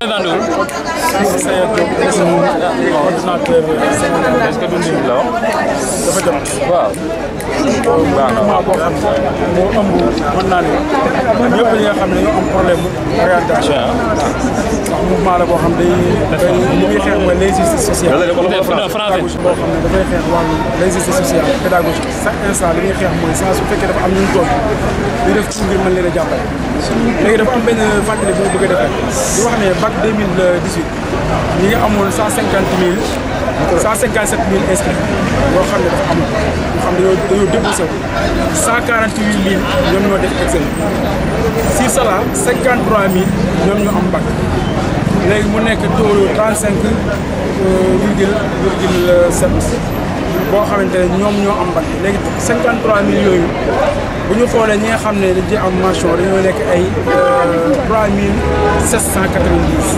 C'est Well, le peu est-ce que tu peu comme ça. maa boo xam moo ëmb mën naa ne ñëpp ñi nga xam ne ñoo am problème orientation ndax mouvement la boo xam day day li muy xeex mooy l'injustice sociale pédagogie boo xam ne dafay xeex wàllu l'injustice sociale pédagogique chaque instant li muy xeex mooy saa su fekkee dafa am ñu toog ñu def ci ngir mën leen a jàppale léegi dafa am benn fàttali bu bëgg a defee di wax ne bac 2018 ñi nga amoon cent cinquante mille cent cinquante sept mille inscrits yoo xam ne dafa am ñu xam dañoo dañoo débouché wu cent quarante ñoom def excel si sala cinquante trois mille ñoom ñoo am bac léegi mu nekk taux yu trente cinq euh, virgule virgule euh, sept boo xamante ne ñoom ñoo am bac léegi cinquante trois mille yooyu bu ñu xoolee ñi nga xam ne dañ ci am mention ñoo nekk ay euh, trois mille sept cent quatre vingt dix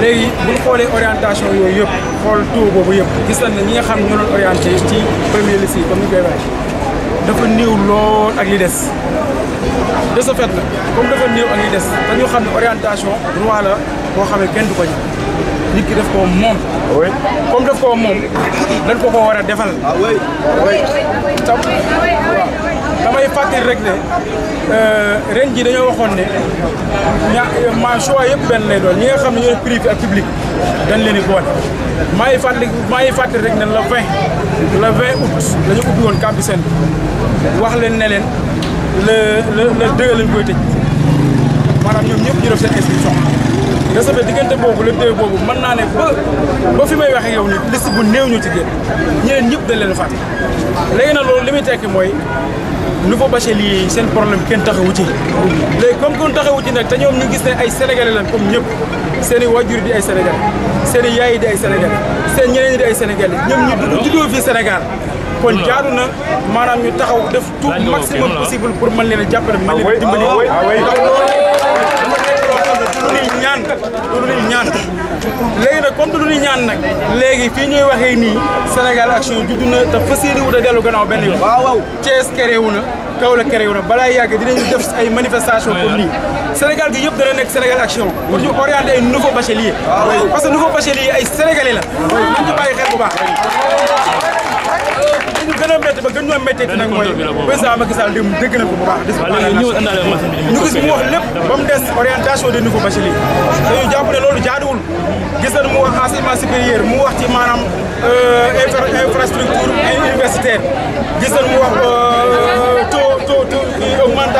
léegi bu xoolee orientation yooyu yëpp xool taux boobu yëpp gis ne ñi nga xam ñu doon orienté ci premier lycée comme ni koy dafa néew lool ak li des de ce fait nag comme dafa néew ak li des dañoo xam ne orientation droit la boo xamee kenn du ko ñëw nit ki def koo moom. comme def koo moom dañ ko ko war a defal. ah oui ah damay fàttali rek ne euh, ren ji dañoo waxoon ne ña ma choix yëpp benn lay doon ñi nga xam ne ñoo def privé ak public dañ leen di boole maa ngi fàttali maa ngi fàttali rek ne la 20 le 20 août la ñu ubbi woon Camp Sène wax leen ne leen le le le deux lañ koy tëj maanaam ñoom ñëpp ñu def seen inscription de ce diggante boobu le deux boobu mën naa ne ba ba fi may waxee yow ni liste bu néew ñu ci génn ñeneen ñëpp dañ leen fa léegi na loolu li muy tekki mooy nouveau bachelier yi seen problème kenn taxawu ci léegi comme kon taxawu ci nag ta ñoom ñu gis ne ay sénégalais lañ comme ñëpp seen i waajur di ay sénégalais seen i yaay yi di ay sénégalais seen ñeneen ñi di ay sénégalais ñoom ñu dugg juddoo fii Sénégal kon jaadu na maanaam ñu taxaw def tout maximum possible pour mën leen a jàppale mën leen a dimbali ah ah ah du luy ñaan du léegi nag comme du luy ñaan nag léegi fii ñuy waxee nii Sénégal action judd na te fas yéene wut a dellu gannaaw benn yoon. waaw waaw Thiès créé wu na Kaolack créé wu na balaa yàgg dinañu def ay manifestation comme nii. Sénégal gi yëpp dana nekk Sénégal action. pour ñu orienté ay nouveau bachelier. parce que nouveau bachelier ay sénégalais la. waaw bàyyi xel bu baax. gën a métti ba gën ñoo métti nag mooy président Macky Sall démb dégg na ko bu baax dis ñu gis mu wax lépp ba mu des orientation de niveau bachelier dañu jàpp ne loolu jaaduwul gis nañu mu wax enseignement supérieur mu wax ci maanaam euh, infrastructure universitaire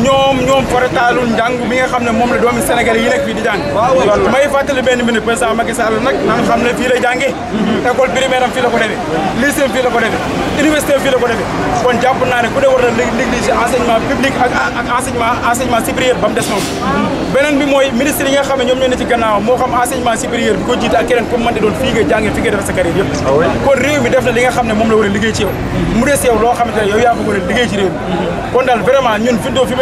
ñoom ñoom farataalul njàng bi nga xam ne moom la doomi Sénégal yi nekk fii di jàng may fàttali benn minute président Macky Sall nag na xam ne fii la jànge mm-hmm. école primaire fii la ko defee lycée de war na mu des moom beneen bi xam ne ñoom def sa carrière yëpp ah xam ne liggéey ci yow mm-hmm. mm-hmm. kon daal vraiment ñun fi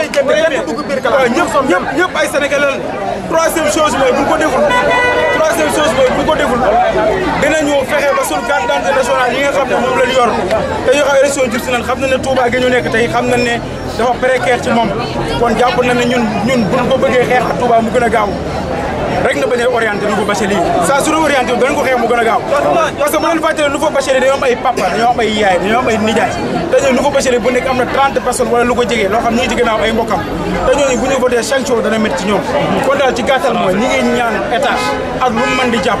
fay kenn kenn dugg biir kala ñëpp ñëpp ñëpp ay sénégalais la troisième chose mooy bu ko deful troisième chose mooy bu ko deful dinañu fexe ba suñu carte d'identité nationale yi nga xam ne moom lañ yor te ñu xam élection jub si nan xam na ne Touba gi ñu nekk tey xam na ne dafa précaire ci moom kon jàpp na ne ñun ñun buñ ko bëggee xeex ak Touba mu gën a gaaw rek nga bañ a orienté nouveau bachelier yi saa su ñu orienté danañ ko xeex mu gën a gaaw parce que bu leen fàttalee nouveau bachelier dañoo am ay papa dañoo am ay yaay dañoo am ay nijaay te ñooñu nouveau bu nekk am na 30 personnes wala lu jege loo xam ñu ngi ci gannaaw ay mbokkam te ñooñu bu ñu voté dana métti ñoom kon ci gàttal mooy ñi ñaan état ak lu mu di jàpp